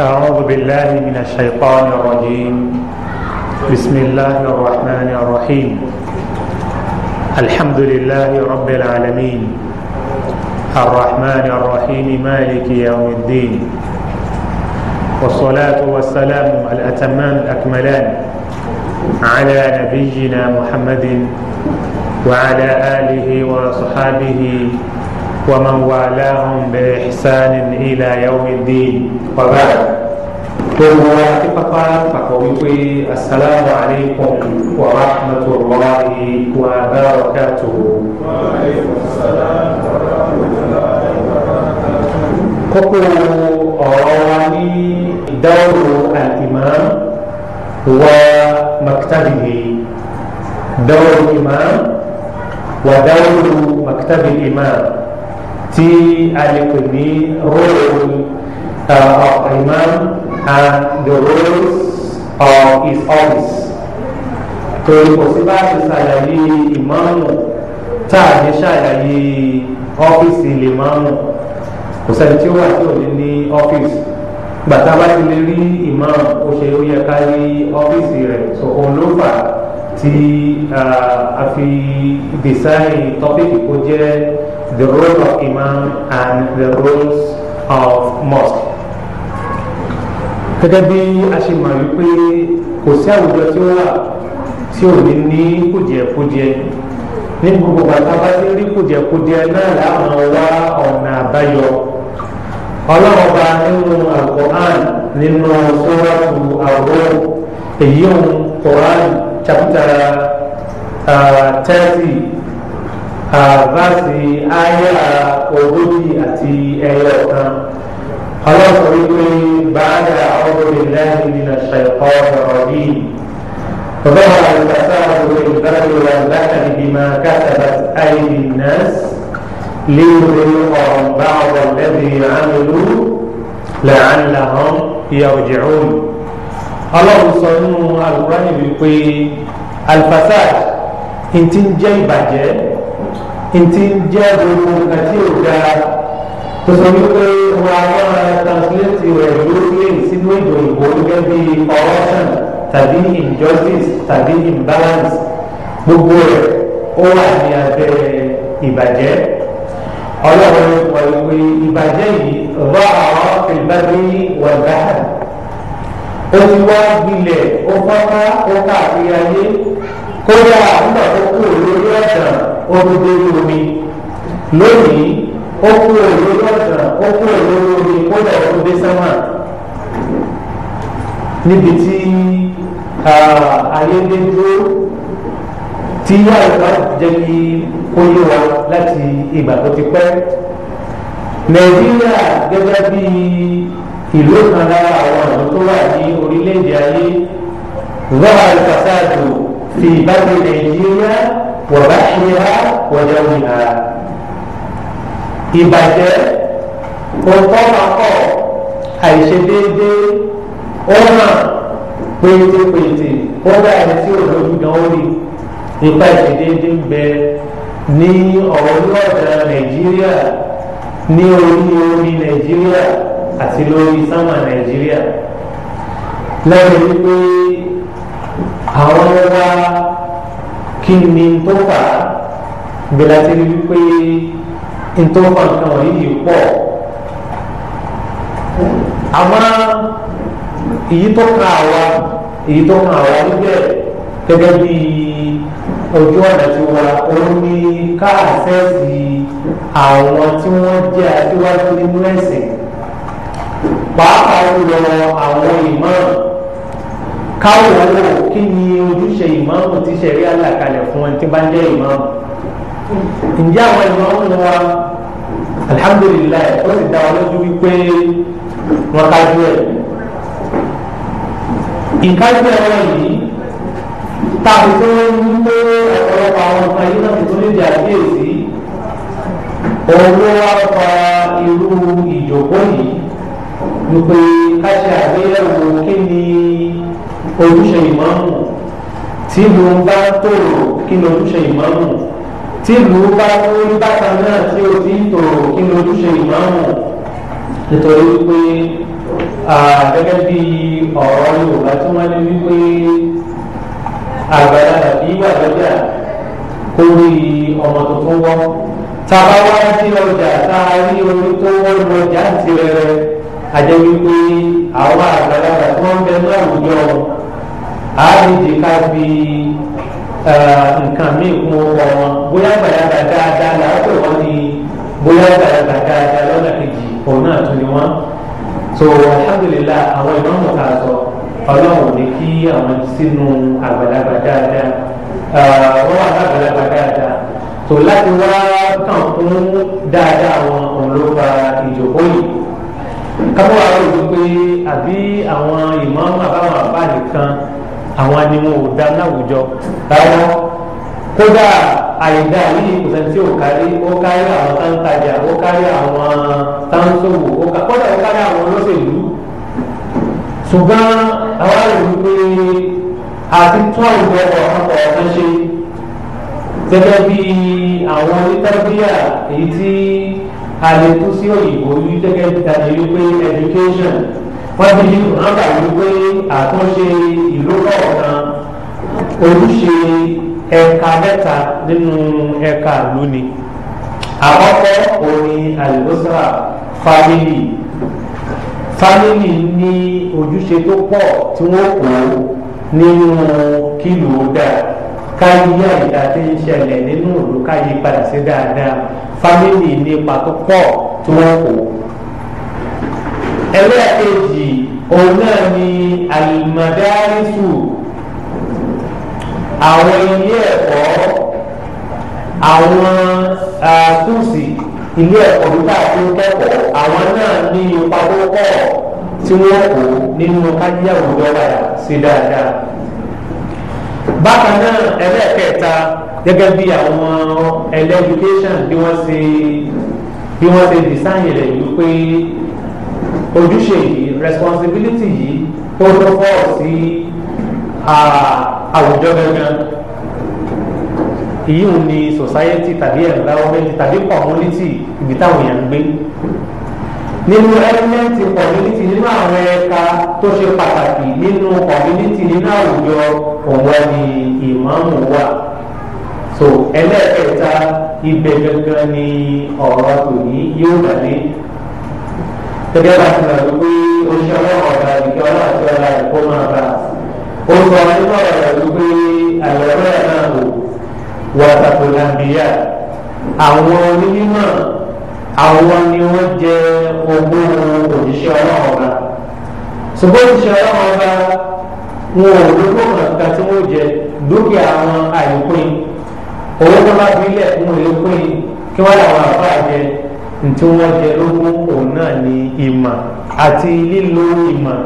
أعوذ بالله من الشيطان الرجيم بسم الله الرحمن الرحيم الحمد لله رب العالمين الرحمن الرحيم مالك يوم الدين والصلاة والسلام الأتمان الأكملان على نبينا محمد وعلى آله وصحابه ومن والاهم باحسان الى يوم الدين وبعد السلام عليكم ورحمة الله وبركاته وعليكم دور الإمام ومكتبه دور الإمام ودور مكتب الإمام tí a lè pè ní role uh, of imam and the role of his office torí kò sí bá a ti ṣàlàyé ìmáàmù tá a ní ṣàlàyé ọ́fíìsì lè máàmù kò sẹ́ni tí ó wà tí ò ní ní ọ́fíìsì gbàtà bá ti lè rí ìmáàmù ó ṣe ó yẹ ká rí ọ́fíìsì rẹ̀ so òun ló fà á tí uh, a fi design topic kó jẹ́ the role of imam and the roles of mosque. gẹ́gẹ́ bí a ṣe mọ̀ wípé kò sí àwùjọ tí ó wà tí ò ní ní kùdìẹ̀kudiẹ ní gbogbo bàtà bá ti rí kùdìẹ̀kudiẹ náà láwọn wá ọ̀nà àbáyọ ọlọ́run bá nínú Al-Qur'an nínú sọ́wọ́tù àwòrán èyí ń Qur'an chapter uh, thirty. Uh, vaasi aya ogójì àti ẹyọ kan ọlọ́sọ̀ wípé báyà ọ̀gbọ̀n lẹ́yìn nínú ṣẹ̀kọ́ ọ̀rọ̀ yìí ظهر الفساد في البر والبحر بما كسبت أيدي الناس ليذيقهم بعض الذي عملوا لعلهم يرجعون ọlọ́run sọ nínú alukura níbi pé alifasad ntí ìbàjẹ́ ntí ń jẹ́ gbogbo nǹkan tí ò dára tó sọ wípé translate rẹ̀ lórí sínú èdè òyìnbó gẹ́gẹ́ bí corruption tàbí injustice tàbí imbalance gbogbo rẹ̀ ó wà ní abẹ́ ìbàjẹ́ ọlọ́run wọ̀nyí ìbàjẹ́ yìí rọ àwọn ìbàdí wọ̀dáhà ó ti wá gbilẹ̀ ó fọ́nká ó káàkiri ayé kódà nígbà tó kú lórí ẹ̀sán ó ti dé ní omi lónìí ó kúrò lórí ọ̀sán ó kúrò lórí omi kódà ó dé sánmà níbi tí ayé dé dúró tí yá ìgbà jẹ́ kí ó yé wa láti ìgbà tó ti pẹ́ nàìjíríà gẹ́gẹ́ bí ìlú kan lára àwọn ìlú tó wà ní orílẹ̀-èdè ayé zọ́ọ̀ àlùfáṣáàdù fi ìbátan nàìjíríà wàbáṣìlá wàjọmìlá ìbàjẹ́ òǹtọ́makọ̀ àìṣedéédé ọ̀nà péntépéntè ó bá ẹni tí ò lójú gan ó rí nípa ìṣedéédé ń bẹ ní ọ̀rọ̀ lọ́ọ̀dà nàìjíríà ní orí omi nàìjíríà àti lórí sánmà nàìjíríà lẹ́yìn wípé àwọn wa kí ni tó fà á gbẹlá ti rí wípé ntọ́ fà nǹkan wọ̀nyí yìí pọ̀ àmọ́ èyí tó kan àwa èyí tó kan àwa níbẹ̀ gẹ́gẹ́ bí ojú ọ̀nà tí wa ó ní ká àṣẹ́sì àwọn tí wọ́n jẹ́ aṣíwájú nínú ẹ̀sìn pàápàá jùlọ àwọn ìmọ̀ràn káwọ owó kí ni ojúṣe ìmáàmù tí sẹ̀rí àlàkalẹ̀ fún ẹni tí bá ń jẹ́ ìmáàmù ǹjẹ́ àwọn ìmáàmù wa alihamudulilayi ó sì dá wọn lójú wípé wọn kájú ẹ̀ ìkájú ẹ̀ wọ́n yìí tàbí tó ń mú ọ̀pọ̀lọpọ̀ àwọn ọmọ yìí náà tó lè di àkíyèsí owó wa fa irú ìjókòó yìí wípé ká ṣe àgbéyẹ̀wò kí ni ojúṣe ìmáàmù tí ìlú bá tòrò kí ni ojúṣe ìmáàmù tí ìlú bá wọlé bákan náà tí o ti ń tòrò kí ni ojúṣe ìmáàmù nítorí wípé gẹ́gẹ́ bí ọ̀rọ̀ Yorùbá tí wọ́n ní wípé àgbàlá tàbí ìwà lọ́jà kó rí ọmọ tuntun wọ́ tábà wá sí ọjà tá a rí omi tó wọ́n lu ọjà rẹ̀ ajẹ́ wípé àwọn àgbàlagbà tí wọ́n bẹ ní àwùjọ á lè jẹ ká fi nǹkan míì kún ọkọ wọn bóyá gbàdàgbà dáadáa làá pè wọ́n ní bóyá gbàdàgbà dáadáa lọ́nà kejì òun náà tún ni wọ́n so alhamdulilah àwọn ìmọ̀ọ́mù ká sọ ọlọ́run ní kí àwọn sínú àgbàlagbà dáadáa wọ́n wà lágbàlagbà dáadáa tó láti wá kàn fún dáadáa àwọn òun ló fa ìjókòó yìí kábọ̀ wá rò wípé àbí àwọn ìmọ̀ọ́mù àbáwọn àbá nìkan àwọn ni wọn ò dá láwùjọ rárá kódà àìdá yìí kò sẹ́ni tí ò kárí ó kárí àwọn táǹtajà ó kárí àwọn táǹsòwò kódà ó kárí àwọn olóṣèlú ṣùgbọ́n àwọn àrùn pé àti tún àwùjọ ọ̀pọ̀ ọ̀kan ṣe gẹ́gẹ́ bí àwọn onítàbíyà èyí tí a lè kú sí òyìnbó yìí gẹ́gẹ́ bí tàbí wípé education wọ́n ti rántà wípé àtúnṣe ìlú kọ̀ọ̀kan ojúṣe ẹ̀ka mẹ́ta nínú ẹ̀ka ìlú ni àkọ́kọ́ òní àlùbọ́sà fámìlì fámìlì ní ojúṣe tó pọ̀ tí wọ́n kó nínú kílù dáa káyé àyíká ń ṣẹlẹ̀ nínú òlù padà sí dáadáa fámìlì ní ipa tó pọ̀ tí wọ́n kó ẹlẹ́ẹ̀kejì òun náà ni alimadaarisu àwọn ilé ẹ̀kọ́ àwọn kùsì ilé ẹ̀kọ́ nígbà tó ń kẹ́kọ̀ọ́ àwọn náà ní ipa tó pọ̀ tí wọ́n kó nínú kájí àwùjọ padà sí dáadáa. bákan náà ẹlẹ́ẹ̀kẹta gẹ́gẹ́ bí àwọn ẹlẹ́dúkéṣàn bí wọ́n ṣe bí wọ́n ṣe dìsáyìn rẹ̀ wípé ojúṣe yìí responsibility yìí ó tó fọ́ sí àwùjọ gangan èyí ò ní society tàbí environment tàbí community ibi táwọn èèyàn ń gbé nínú element community nínú àwọn ẹ̀ka tó ṣe pàtàkì nínú community nínú àwùjọ òun ni ìmáàmù wà so ẹlẹ́ẹ̀kẹta ibẹ̀ gangan ni ọ̀rọ̀ tòní yóò dà gẹ́gẹ́ bá ti lọ pé oṣù ọlọ́run ọba ìgbẹ́ ọlọ́run àti ọlá ẹ̀kọ́ máa bá ó sọ nípa ọ̀rọ̀ rẹ̀ pé àyọ̀rọ̀ ẹ̀ náà wò wàtàkùn làǹbíyà àwọn onímọ̀ àwọn ni wọ́n jẹ ogún òjíṣẹ́ ọlọ́run ọba ṣùgbọ́n òjíṣẹ́ ọlọ́run ọba wọn ò lóko ọ̀nà tí wọ́n jẹ dúkìá wọn àìpín owó tó bá fi ilẹ̀ fún èlé pín kí wọ́n làwọn àbá jẹ ntí wọ́n jẹ lógún òun náà ni ìmọ̀ àti lílo ìmọ̀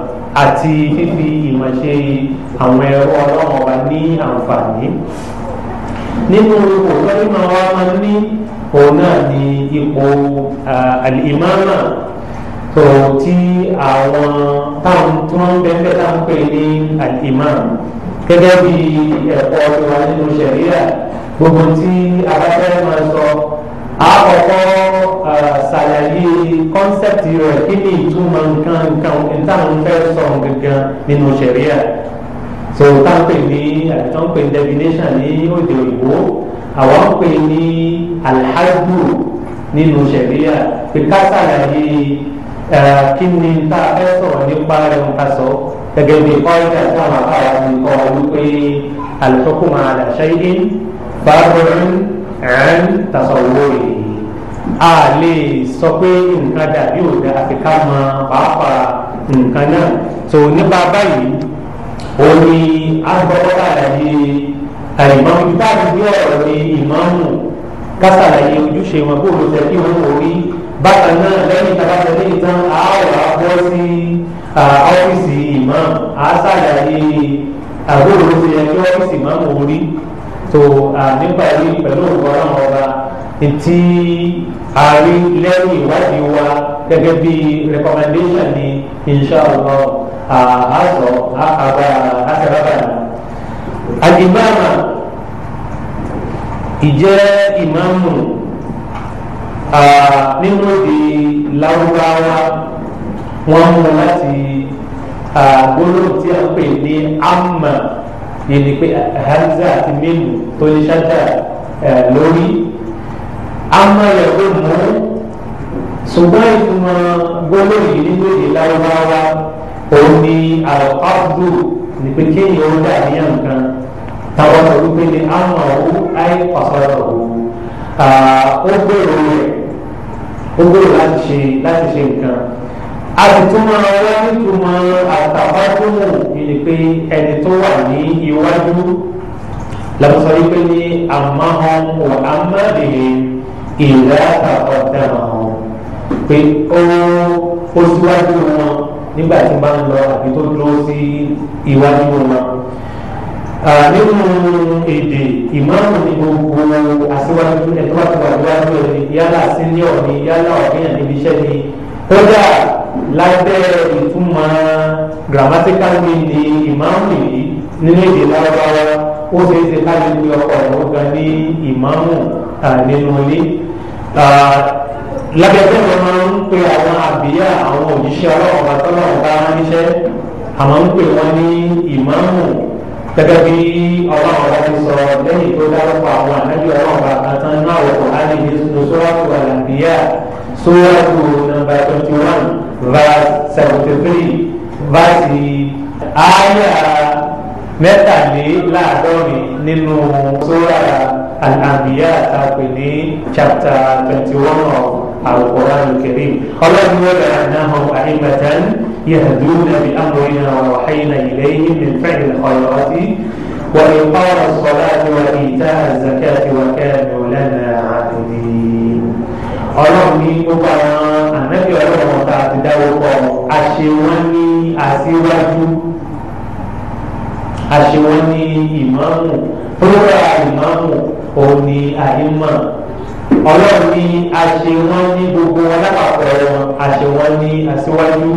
àti fífi ìmọ̀ ṣe àwọn ẹ̀rọ ọlọ́run ọba ní àǹfààní nínú òkú ìmọ̀ wa máa ní òun náà ni ipò àlìmáàmà tó tí àwọn táwọn tí wọ́n ń bẹ́ẹ̀ bẹ́ẹ̀ táwọn pè ní àlìmáàmù gẹ́gẹ́ bí ẹ̀kọ́ ọ̀dọ́ wa nínú ṣẹ̀ríà gbogbo tí abájáde máa sọ àkọ́kọ́ ṣàlàyé kọ́nsẹ́pìtì rẹ̀ kí ni ìtumọ̀ nǹkan nǹkan ìtàn fẹ́ sọ gangan nínú ṣẹ̀ríà so táwọn pè ní àbíkán pè ní definition ní òde òyìnbó àwọn pè ní alhaju nínú ṣẹ̀ríà pé ká ṣàlàyé kí ni tá a fẹ́ sọ̀rọ̀ nípa rẹ̀ ń ká sọ gẹ́gẹ́ bí kọ́ńtà táwọn afárá ti kọ́ wípé alhukuma ala shay'in far'un ẹ̀ẹ́n tasawwuri a lè sọ pé nǹkan dàbí òde àfikà mọ pàápàá nǹkan náà tó nípa báyìí ó ní agbọ́dọ̀ àlàyé àìmọ́mú táàbí bí ọ̀rọ̀ ni ìmáàmù kásàlàyé ojúṣe wọn bó ló tẹ̀ kí wọ́n orí bákan náà lẹ́yìn tabata lẹ́yìn tán àárọ̀ àbọ̀ sí ọ́fíìsì ìmáàmù àásàlàyé àbúrò ló ti yẹ kí ọ́fíìsì ìmáàmù orí so nípa yìí pẹ̀lú ọ̀gbọ́n ọba ntí àárí lẹ́rù ìwádìí wa gẹ́gẹ́ bí recommendation ni inshallah àásọ̀ àṣàbàbàrà. àdìbàmà ìjẹ́ ìmáàmù nínú di lárúbáwá wọ́n mú láti gbólóhùn tí a ń pè ní amma yẹn ni pé eh, hamza àti mímu tó ní ṣáda eh, lórí amáyẹ̀wò mú ṣùgbọ́n ìtumọ̀ gbólóhùn yìí nínú èdè láwáwá òun ni àlọ́kọ́dù ni pé kéèyàn ó dà ní nǹkan táwọn ọ̀rọ̀ pé ní àwọn ọ̀hún ayé pàṣọ̀rọ̀ ọ̀hún ó gbèrò rẹ̀ ó gbèrò láti ṣe láti ṣe nǹkan àtìtúmọ̀ ọwọ́ nítumọ̀ àtàwátúmọ̀ ni pé ẹni tó wà ní iwájú lọ́sọ̀ yìí pé ní àmọ́hàn ò àmọ́bìnrin ìlà àtàkọ́tàmọ̀ pé ó ó síwájú wọn nígbà tí bá ń lọ àbí tó dúró sí iwájú wọn nínú èdè ìmáàmù ní gbogbo aṣíwájú ẹ̀tọ́ àti wàjú wájú ẹ̀ yálà sínú ọ̀nì yálà ọ̀gbìn àti ibiṣẹ́ ni kódà lábẹ́ ìtumọ̀ grammatical meaning ìmáàmù yìí nínú èdè lárúbáwá ó ṣeé ṣe káyọ̀ pé ọkọ̀ ọ̀hún gan ní ìmáàmù nínú ilé lábẹ́ tó ń máa ń pe àwọn àbíyá àwọn òjíṣẹ́ ọlọ́run bá tọ́lọ́run bá níṣẹ́ àmọ́ ń pè wọ́n ní ìmáàmù gẹ́gẹ́ bí ọlọ́run bá ti sọ lẹ́yìn tó dárúkọ àwọn ànábì ọlọ́run bá kan tán náà wọ̀ ọ́ á lè ní sọ́ọ́tù verse seventy three verse aya mẹ́tàléláàádọ́rin nínú sura al-anbiya àtàpè ní chapter twenty one of al-Qur'an al-karim ọlọ́run ló rẹ̀ ànáhùn àyíbàtàn yahduna bi amrina wa wahayna ilayhim min fi'li al-khayrati wa iqami as-salati wa ita'i az-zakati wa kanu lana 'abidin ọlọ́run ní gbogbo àwọn ànábì ọlọ́run ọba àti dáwọ́pọ̀ àṣewọ́n ní aṣíwájú àṣewọ́n ní ìmáàmù púrọ́rà ìmáàmù òun ní àyímọ̀ ọlọ́run ní aṣewọ́n ní gbogbo alápapọ̀ wọn aṣewọ́n ní aṣíwájú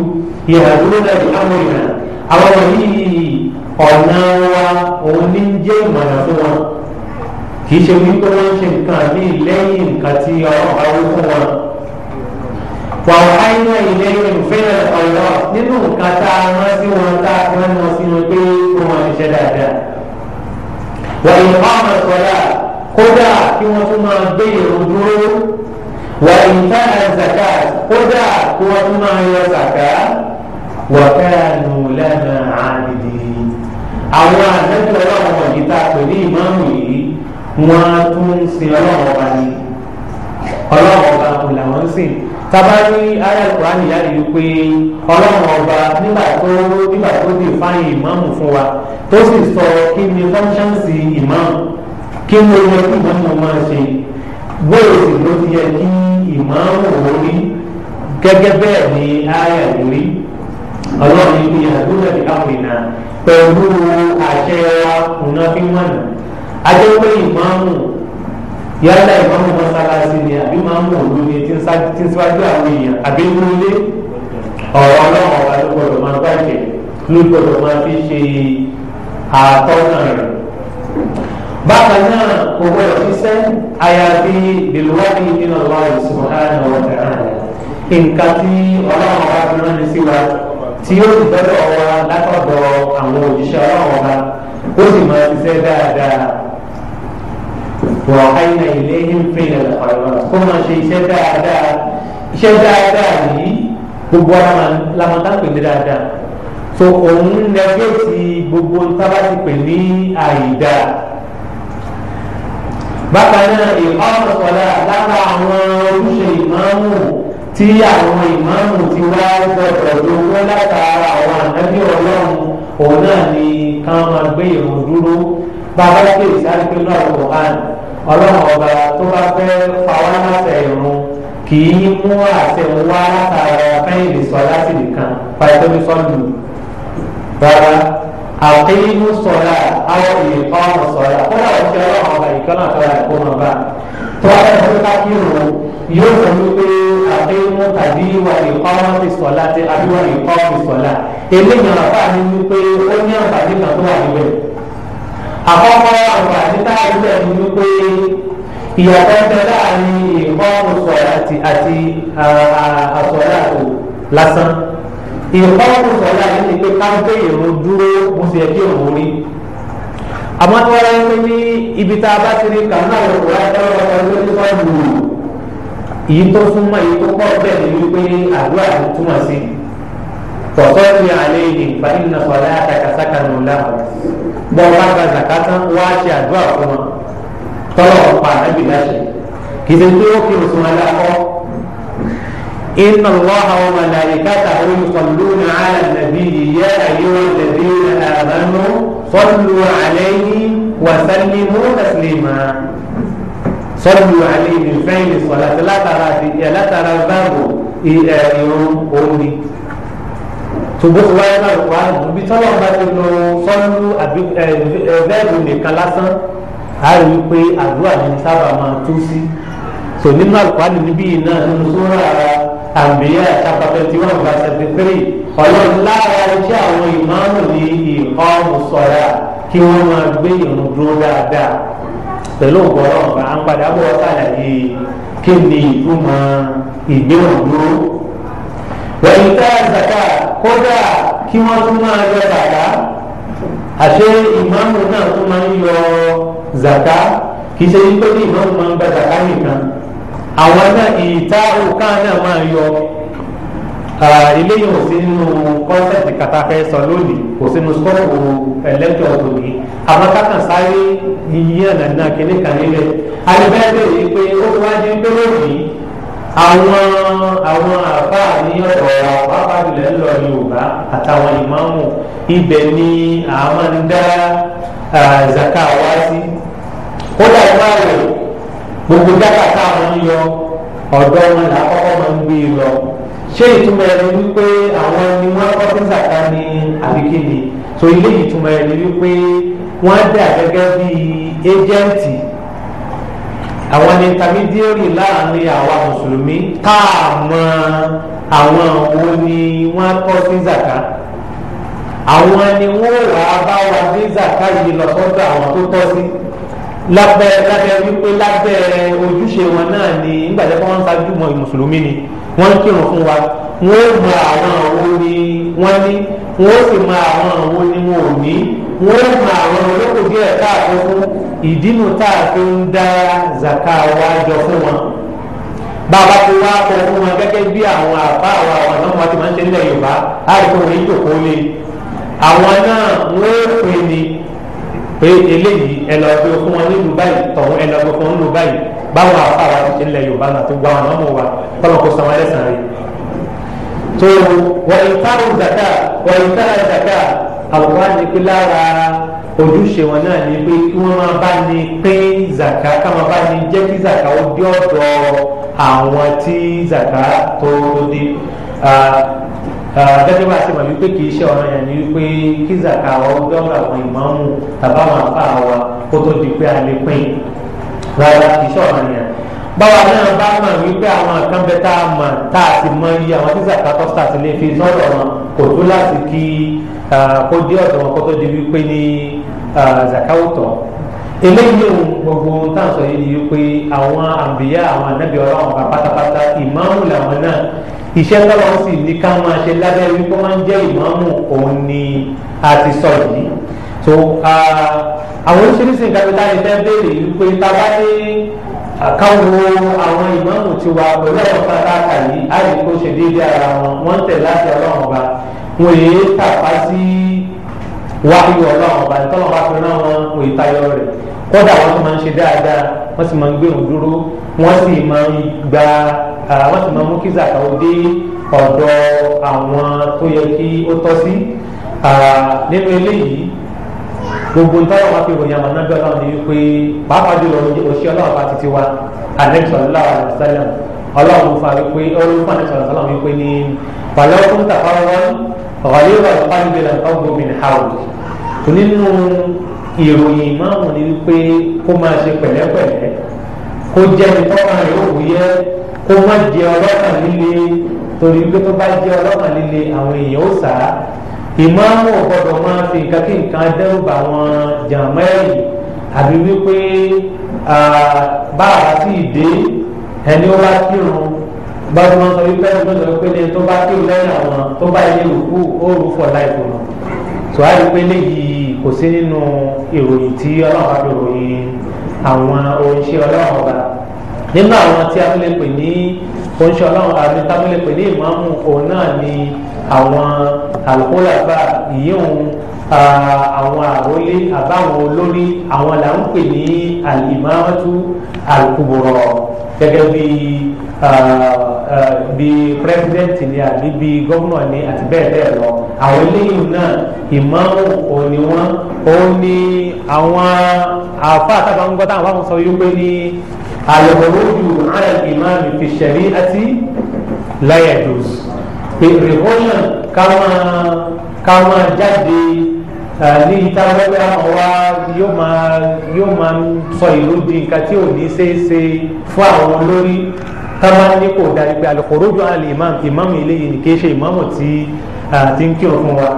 ìhàdúró náà di amòyàn àwọn yìí ọ̀nà wa òun ní jẹ́ ìmọ̀nà fún wọn kì í ṣe wípé wọ́n ń ṣe nǹkan ní lẹ́yìn nǹkan tí ọlọ́run bá wí fún wọn wàhálà ilé ìfẹ́lẹ̀ ọ̀rọ̀ nínú nǹkan tá a rán sí wọn tá a rán wọn sínú pé kó wọn ṣiṣẹ́ dáadáa. wà ìfọ̀mọ̀ sọ̀dá kódà kí wọ́n tún máa gbé ìrùn dúró wà ìta àzàkà kódà kí wọ́n tún máa yọ sàkà wà káànù lẹ́nà àdìdì. àwọn àdẹ́tọ̀ ọlọ́run wọ̀nyí tá a pè ní ìmáàmù yìí wọ́n á tún sin ọlọ́run ọba ni ọlọ́run ọba kò làwọn sìn tabari aya kurani yà rí pé ọlọ́run ọba nígbà tó nígbà tó di fáyìn ìmáàmù fún wa tó sì sọ kí ni fọ́nṣánsì ìmáàmù kí ni ó yẹ kí ìmáàmù máa ṣe bóòsì ló ti yẹ kí ìmáàmù orí gẹ́gẹ́ bẹ́ẹ̀ ni aya rí ọlọ́run ní ìyá lóṣẹ̀ ní àpìnà àṣẹ wa kùnà fíwọ̀nà ajẹ́pẹ́ ìmáàmù yálà ìmọ̀mù mọ́sálásí ni àbí mọ́mù òlu ni tí ń síwájú àwọn èèyàn àbí nílé ọ̀rọ̀ ọlọ́run ọba ló gbọdọ̀ máa bàjẹ́ ló gbọdọ̀ máa fi ṣe àtọ́nà rẹ̀. bákan náà kò gbọdọ̀ ṣiṣẹ́ àyàfi bìlúwádì nínú ọlọ́run subhanahu wa ta'ala nǹkan tí ọlọ́run ọba fi ránni sí wa tí yóò sì gbọdọ̀ wá látọ̀dọ̀ àwọn òjíṣẹ́ ọlọ́run ọba ó sì máa ṣiṣẹ́ dáadáa وأوحينا إليهم فعل الخيرات كما شيء شتى ṣẹ́dá dáa yìí gbogbo ara lamọ́tà pè ní dáadáa so òun nẹgẹ́tì gbogbo ntábà ti pè ní àìdá bákan náà ìkọ́sọ̀sọ̀lá lára àwọn ojúṣe ìmáàmù tí àwọn ìmáàmù ti wá gbọdọ̀ lówó látara àwọn ànábì ọlọ́run òun náà ni káwọn máa gbé ìrùn dúró bàbá tó ìsáré pé náà wọ̀ hàn ọlọ́run ọba tó bá fẹ́ pa wá láṣẹ ìrun kì í mú àṣẹ wá látara fẹ́yìn lè sọ láti nìkan pàtẹ́bí sọ́ọ̀lù rárá àkéyínú sọ̀rọ̀ àwọn ìyẹ̀kọ́ ọ̀hún sọ̀rọ̀ kódà òṣìṣẹ́ ọlọ́run ọba ìkọ́nà tó rà kó mọ̀ bá tó bá fẹ́ fún kákírun yóò sọ wípé àkéyínú tàbí wà ìkọ́ ọ̀hún ti sọ̀lá àbí wà ìkọ́ ọ̀hún ti sọ̀lá eléyìí àwọn afáàní wípé ó ní àǹfààní kan tó wà níbẹ̀ àkọ́kọ́ àǹfààní táàbílẹ̀ ni wípé ìyàtọ̀ ń bẹ láàrin ìkọ́ọ̀mù sọ̀rọ̀ àti àti àsọ̀rọ̀ àtò lásán ìkọ́ọ̀mù sọ̀rọ̀ àti ni pé káńpé èrò dúró mo sì yẹ kí òun rí àmọ́ tí wọ́n ráyé pé ní ibi tá a bá ti rí kàmú àwọn òkúra ẹ̀rọ ọ̀rọ̀ ló ti sọ́ọ̀bù yìí tó súnmọ́ yìí tó pọ̀ bẹ́ẹ̀ ni wípé àdúrà ti túmọ̀ sí i. فصلي عليهم فإن صلاتك سكن لهم بوكاكا زكاة واشي أدواكما طلع وقال أبي لاشي كذا توقي رسول الله إن الله وملائكته يصلون على النبي يا أيها الذين آمنوا صلوا عليه وسلموا تسليما صلوا عليه بالفعل الصلاة لا ترى لا ترى الباب إلى يوم قومك ṣùgbọ́n tí wáyé náà wà níbi tí wọ́n bá ti lo fọ́nrú àbí ẹ̀ẹ́dẹ́gbù nìkan lásán a rí i pé àdúrà ní sábà máa tú sí tò nínú àlùkòánì níbí náà nínú sóra àmbíyá chapter tí wọ́n bá ṣẹ̀dí tírì ọlọ́run lára iṣẹ́ àwọn ìmáàmù ní ìkọ́ọ̀mù sọ̀rọ̀ kí wọ́n máa gbé ìrun dúró dáadáa pẹ̀lú ògbọ́rọ̀ ọ̀gá ń padà bọ̀ sàlàyé kí ni ìtumọ̀ ìgbéwọ̀n dúró. wẹ̀yìn tá kódà kí wọ́n tún máa yọ zaka àṣé ìmáàmù náà tún máa ń yọ zaka kì í ṣe wípé ní ìmáàmù máa ń gba zaka nìkan àwọn náà ìta òkà náà máa yọ eléyìí ò sí nínú kọ́nsẹ́pì kata fẹ́ sọ lónìí kò sí nínú skọ́pù ẹlẹ́jọ́ òní àwọn kákan sáré yíyí ànàdínà kìnnìkan nílẹ̀ alẹ́ bẹ́ẹ̀ bẹ́ẹ̀ yìí pé ó wájú pé lónìí. àwọn àwọn àbá àníyànjọ ọ̀rọ̀ pápá jùlẹ̀ ńlọ yorùbá àtàwọn ìmáàmù ibẹ̀ ni àwọn ń dá zaka wá sí kódà gbogbo dáka wọn yọ ọ̀dọ́ wọn là kọ́kọ́ máa ń gbé e lọ ṣé ìtumọ̀ ẹni wípé àwọn ni wọ́n kọ́ sí zaka ní àbíkíni tó ilé ìtumọ̀ ẹni wípé wọ́n àwọn ẹni intermediary láàrin àwa mùsùlùmí tá a mọ àwọn wo ni wọ́n kọ́ sí zaka àwọn ẹni wọ́n wà á bá wa dé zaka yìí lọ sọ́dọ̀ àwọn tó tọ́ sí lábẹ́ lábẹ́ wípé lábẹ́ ojúṣe wọn náà ni nígbà tí wọ́n ń ṣáájú mọ́ mùsùlùmí ni wọ́n ń kírun fún wa wọ́n mọ àwọn wo ni wọ́n ní wọ́n sì mọ àwọn wo ni wọn ò ní wọ́n mọ àwọn olóko díẹ̀ káàkó fún ìdínú tá a fi ń dá zaka wa jọ fún wọn bàbá tó wá kọ fún wọn gẹ́gẹ́ bí àwọn àbá àwọn àwọn náà wọn ti máa ń ṣe nílẹ̀ Yorùbá àìkú wọn yìí jòkó lé àwọn náà wọ́n pè ní pé eléyìí ẹ lọ gbé fún wọn nílùú báyìí tọ̀hún ẹ lọ gbé fún wọn nílùú báyìí báwọn àbá wa ti ṣe nílẹ̀ Yorùbá náà tó gba àwọn ọmọ wa tó wọ ìtàrù zaka wọ ìtàrù zaka al ni pé lára ojúṣe wọn náà ni pé kí wọ́n máa bá ní pín zaka ká máa bá ní jẹ́ kí zaka ó dé ọ̀dọ̀ àwọn tí zaka tó dé gẹ́gẹ́ bá a ṣe mọ̀ wípé kì í ṣe ọ̀ràn yẹn ni wípé kí zaka ó dé ọ̀dọ̀ àwọn ìmáàmù tàbá àwọn àfa wa kó tó di pé a lè pín rárá kì í ṣe ọ̀ràn yẹn báwa náà bá mọ̀ wípé àwọn kan bẹ tá a mọ̀ tá a sì mọ iye àwọn tí zaka tó sàtìlẹ́fẹ́ sọ́dọ̀ wọn kò tó láti kí kó dé ọ̀dọ̀ wọn kó tó di wípé ní zakawutọ̀ eléyìí ohun gbogbo ohun tá à ń sọ yìí ni wípé àwọn àǹbíyá àwọn ànábì ọlọ́run bá pátápátá ìmáàmù làwọn náà iṣẹ́ tọ́lọ́ sì ní ká máa ṣe lábẹ́ wípé wọ́n jẹ́ ìmáàmù òun ni a ti sọ yìí so àwọn oríṣiríṣi nǹkan tó dáni fẹ́ béèrè wípé tá a bá ní àkáwọ àwọn ìmáàmù tiwa pẹ̀lú ọ̀pá tá a yìí á kó ṣe déédéé ara wọn wọ́n tẹ̀ láti ọlọ́run ọba wọn èé tàpá sí wáyé ọlọ́run ọba tọ́lọ́ bá fi rán wọn wọn èé tayọ rẹ̀ kódà wọn tún máa ń ṣe dáadáa wọ́n sì máa ń gbé wọn dúró wọ́n sì máa ń gba wọ́n sì máa ń mú kí zakawo dé ọ̀dọ̀ àwọn tó yẹ kí ó tọ́ sí nínú eléyìí gbogbo ntọ́lọ́ wa fi ròyìn àwọn anábẹ́ ọlọ́run ni wípé pàápàá jùlọ òṣìṣẹ́ ọlọ́run bá titi wa anẹ́sọ̀lá ọlọ́run fa wípé ọlọ́run fún anẹ́sọ̀lá ọlọ́run wípé ní pàlẹ́ ọkùnrin tàbá ọlọ́run ọ̀gáyọ̀rọ̀ ìpàdé ọgbọ̀n mi hàwù nínú ìròyìn ìmáàmù ni wípé kó máa ṣe pẹ̀lẹ́pẹ̀lẹ́ kó jẹ́ ìtọ́ka rẹ̀ òwúyẹ́ kó má jẹ ọlọ́kàn líle torí pé tó bá jẹ ọlọ́kàn líle àwọn èèyàn ó sá ìmáàmù ò gbọ́dọ̀ máa fi nǹkan kí nǹkan dẹ́rùbà àwọn jàmẹ́rì àbí wípé báwa sì dé ẹni ó bá kírun báwo wọn sọ wípé ẹni tó sọ pé ní tó bá kí lẹ́yìn àwọn tó bá ilé òkú oòrùn fọ̀ láìpẹ́ wọn tó a rí pé léyìí kò sí nínú ìròyìn tí ọlọ́run àti ìròyìn àwọn oníṣẹ́ ọlọ́run ọba nínú àwọn tí a tún lè pè ní oníṣẹ́ ọlọ́run àti tá a tún lè pè ní ìmáàmù òun náà ni àwọn àlùkòlàgbà ìyíhun àwọn àrólé àbáwọn olórí àwọn là ń pè ní àlìmáàmù àlùkùbọ̀rọ̀ gẹ́gẹ́ bíi. Uh, bíi president, ni àbí bíi gómìnà ni àti bẹ́ẹ̀ bẹ́ẹ̀ lọ àwọn eléyìí náà ìmáàmù òní wọn ó ní àwọn àfa àtàkùn àwọn gbọ́dọ̀ àwọn sọ wípé ní àyẹ̀wòrójú àyẹ̀ ìmáàmù fi ṣẹ̀rí àti láyẹ̀dùs pé rìhóyàn ká máa ká máa jáde uh, ní ìta wẹ́wẹ́ àwa yóò yóò máa sọ ìlú di nǹkan tí ò ní ṣeé ṣe fún àwọn olórí tọ́ba ní kò darí pé alukorojo alẹ́ imam imam eléyìí kì í ṣe imam tí ti ń kírun fún wa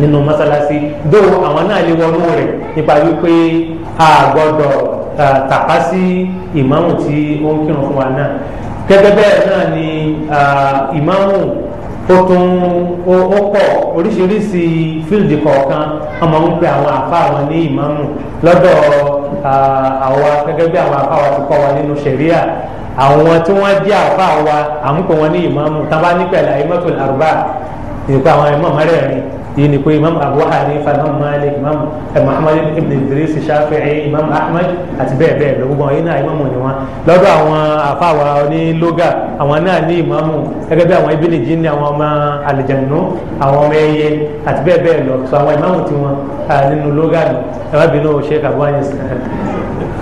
nínú mọ́sálásí dó àwọn náà lè wọnú rẹ̀ nípa wípé a gbọ́dọ̀ tàpá sí imam tí ó ń kírun fún wa náà gẹ́gẹ́ bẹ́ẹ̀ náà ni imamu ó tún ó pọ̀ oríṣiríṣi fíìlì kọ̀ọ̀kan ọmọ ń pe àwọn àfa àwọn ní imam lọ́dọ̀ àwa gẹ́gẹ́ bí àwọn àfa wa ti kọ́ wa nínú ṣẹ̀ríà àwọn tí wọ́n jẹ́ àfa wa à ń pè wọ́n ní ìmáàmù tábà nípẹ̀lẹ̀ àyèmọ́tòlù àrùbá nípa àwọn ìmáàmù mẹ́rẹ̀ẹ̀rin yìí ni pé imam abu hanifa imam malik imam eh, muhammad ibn idris shafi'i imam ahmed àti bẹ́ẹ̀ bẹ́ẹ̀ lọ gbogbo àwọn yìí náà ìmáàmù ni wọ́n lọ́dọ̀ àwọn àfa wa ní lóga àwọn náà ní ìmáàmù gẹ́gẹ́ bí àwọn ibn jinni àwọn ọmọ alìjẹ̀nu àwọn ọmọ ẹyẹ àti bẹ́ẹ̀ bẹ́ẹ̀ lọ sọ àwọn ìmáàmù tiwọn ah, nínú lóga ni ẹ bínú sheikh abu hanifa.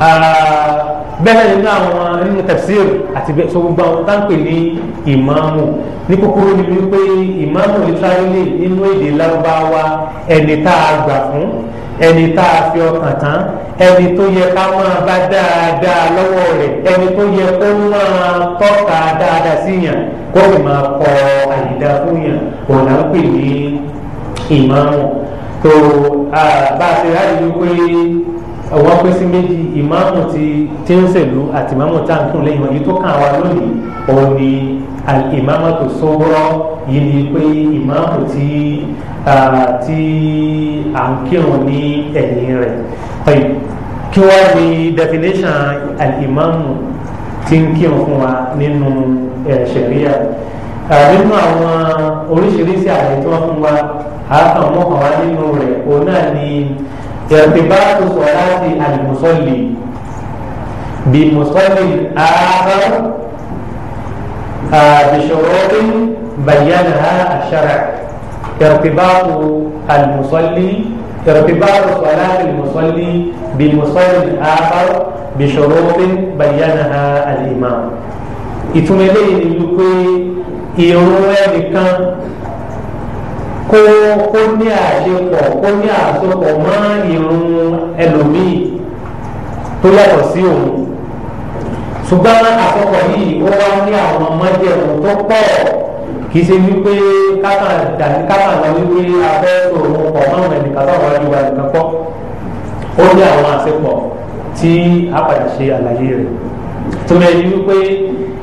Ah, bẹ́ẹ̀ nínú àwọn nínú tafsir àti bẹ́ẹ̀ sọ gbogbo àwọn táǹpẹ̀ ní ìmáàmù ní kúkúrú ni wípé ìmáàmù literally nínú èdè lárúbáwá ẹni tá a gbà fún ẹni tá a fi ọkàn tán ẹni tó yẹ ká máa bá dáadáa lọ́wọ́ rẹ̀ ẹni tó yẹ kó máa tọ́ka dáadáa sí yàn kó lè máa kọ àyídá fún yàn òun à pè ní ìmáàmù tó bá a ṣe láti wípé ọwọ́ pẹ́sí méjì ìmáàmù ti tí ń sèlú àti ìmáàmù táǹkùn lẹ́yìn èyí tó kàn wá lónìí òun ni ìmáàmù tó sọ́wọ́rọ́ yìí ni pé ìmáàmù tí tí à ń kírun ní ẹ̀yìn rẹ̀ kí wọ́n ní definition ìmáàmù tí ń kírun fún wa nínú ṣẹ̀ríà nínú àwọn oríṣiríṣi àlẹ́ tí wọ́n fún wa àkànmọ́kànwá nínú rẹ̀ òun náà ni. ارتباط صلاة المصلي بمصلي آخر آه، بشروط بينها الشرع ارتباط المصلي ارتباط صلاة المصلي بمصلي آخر بشروط بينها الإمام إتمنى أن يكون يوم ìrun ẹnìkan kó kó ní àṣepọ̀ kó ní àsopọ̀ mọ́ irun ẹlòmíì tó yàtọ̀ sí òun ṣùgbọ́n àsopọ̀ yìí ó wá ní àwọn mọ́jẹ̀mú tó pọ̀ kì í ṣe wípé kákan dàní kákan lọ wípé abẹ́ òun pọ̀ mọ́ ọ̀rẹ́ nìkan tó wájú wa nìkan pọ̀ ó ní àwọn àṣepọ̀ tí a padà ṣe àlàyé rẹ̀ tó lẹ́yìn wípé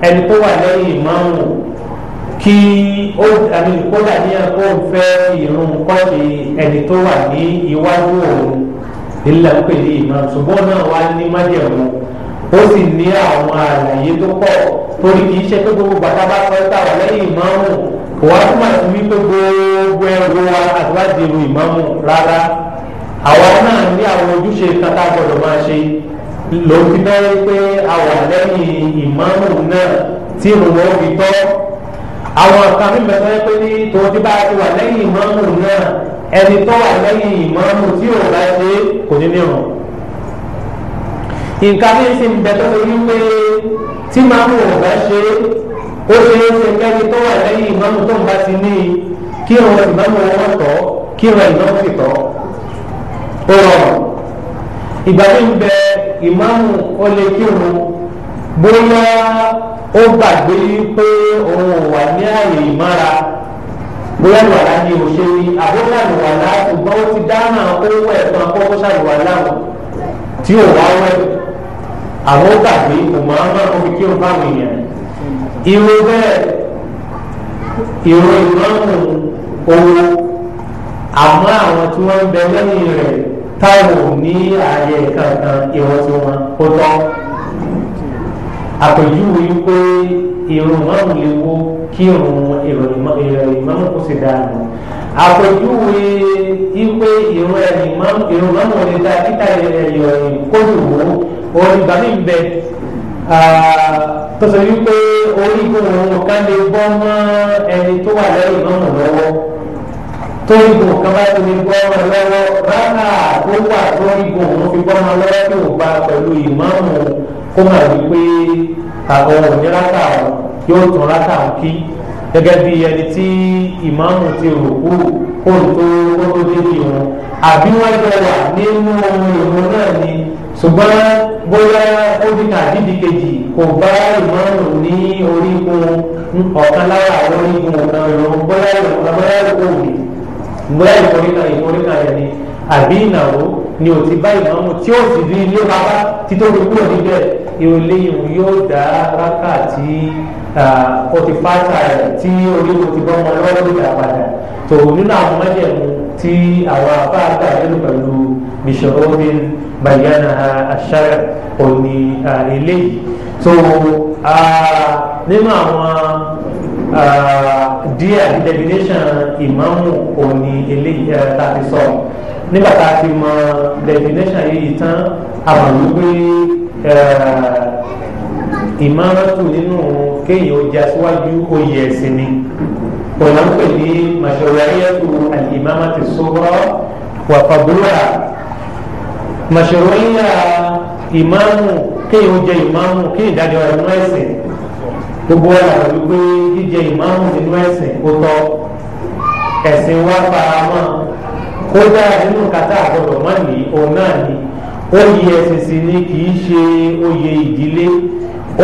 ẹni tó wà lẹ́yìn ìmáàmù kí ó àmì kódà ní ẹ̀kọ́ fẹ́ ìrun kọ́ọ̀tì ẹni tó wà ní iwájú òun nílẹ̀ ń pè ní ìmọ̀ ṣùgbọ́n náà wá ní májẹ̀mú ó sì ní àwọn àlàyé tó pọ̀ torí kì í ṣe pé gbogbo bàtà bá sọ ẹ́ta wà lẹ́yìn ìmáàmù kò wá túmọ̀ sí wípé gbogbo ẹrù wa àti wá di ìrun ìmáàmù rárá àwa náà ní àwọn ojúṣe kata gbọdọ̀ máa ṣe lòun ti bẹ́ẹ̀ pé àwa lẹ́yìn ìmáàmù náà tí ìrun àwọn kan mímẹ sọ pé ní tòótí bá ti wà lẹ́yìn ìmáàmù náà ẹni tó wà lẹ́yìn ìmáàmù tí ò bá ṣe kò ní ní rùn. nǹkan mi sì ń bẹ tó ṣe wípé tí màmú ò bá ṣe ó ṣe é ṣe kẹ́ni tó wà lẹ́yìn ìmáàmù tó ń bá ti ní kí ìrọ̀ ìmáàmù wọn tọ̀ kí ìrọ̀ ìmáàmù sì tọ̀ ó rọrùn. ìgbà mi ń bẹ ìmáàmù ó ó gbàgbé pé òun ò wà ní àyè ìmára bóyá ìwàlá ni ò ṣe ni àbúrò ìwàlá ṣùgbọ́n ó ti dáná owó ẹ̀fọn akọ́kọ́ ṣàlùwàlá wọn tí ò wá wẹ̀ àwọn gbàgbé òmùhàmà omi kí o bá wọn yẹn ìwé bẹ́ẹ̀ ìwé ìmáàmù owó àmọ́ àwọn tí wọ́n ń bẹ lẹ́yìn rẹ̀ táwọn ò ní ààyè kankan ìwọ́n tí wọ́n ó tọ́ àpèjúwe pé irun márùn lè wo kí irun ìròyìn márùn kò sì dànù àpèjúwe ipe irun ẹ̀yìn márùn irun márùn lè da kíta ẹ̀yìn kó lù wó orin ìgbà mi bẹ tó sọ wípé orí kò wọn ká lè bọ́ mọ́ ẹni tó wà lẹ́yìn márùn lọ́wọ́ torí bò kan bá ti bọ́ ọ lọ́wọ́ rárá tó wà torí bò fi bọ́ ọ lọ́wọ́ kí wọ́n bá pẹ̀lú ìmáàmù kó mọ̀ wípé àwọn oníraka yóò tún raka kí gẹ́gẹ́ bí ẹni tí ìmáàmù ti rò kú kó tó kó tó débi wọn àbí wọ́n jọ wà nínú ìrun náà ni ṣùgbọ́n bóyá ó ní àdídì kejì kò bá ìmáàmù ní orígun ọ̀kan lára àwọn orígun ọ̀kan ìrun bóyá ìrun bóyá ìrun òbí bóyá ìforíkà ìforíkà yẹn ni àbí ìnáwó ni ò ti bá ìmọ̀ọ́mù tí ó sì rí ilé bàbá títí ó fi kúrò níbẹ̀ ìrọ̀lẹ́ ìhùn yóò dá rákà tí forty five time tí orígun ti bọ́ ọmọ lọ́wọ́ ló dá padà tó nínú àwọn mọ́jẹ̀mú tí àwọn àbá àgbà nínú pẹ̀lú bishọ́bìn bayana aṣáyà òní eléyìí tó nínú àwọn díẹ̀ definition ìmọ̀ọ́mù òní eléyìí tá a ti sọ̀rọ̀ nígbà tá a ti mọ definition yìí tán àwọn wípé eh, ìmọ̀ràn nínú kéèyàn ó já síwájú oyè ẹ̀sìn ni ọ̀nà ń pè ní mashru'iyatu al-imamati as-sughra wa fadluha mashru'iyya ìmáàmù kéèyàn ó jẹ ìmáàmù kéèyàn dájọ́ ẹ̀mú ẹ̀sìn gbogbo ọ̀la wípé jíjẹ ìmáàmù nínú ẹ̀sìn ó tọ́ ẹ̀sìn wá faramọ́ kódà nínú kàtà àgbọ̀dọ̀ mọ́ ní òun náà ni oyè ẹ̀sìn sì ni kì í ṣe oyè ìdílé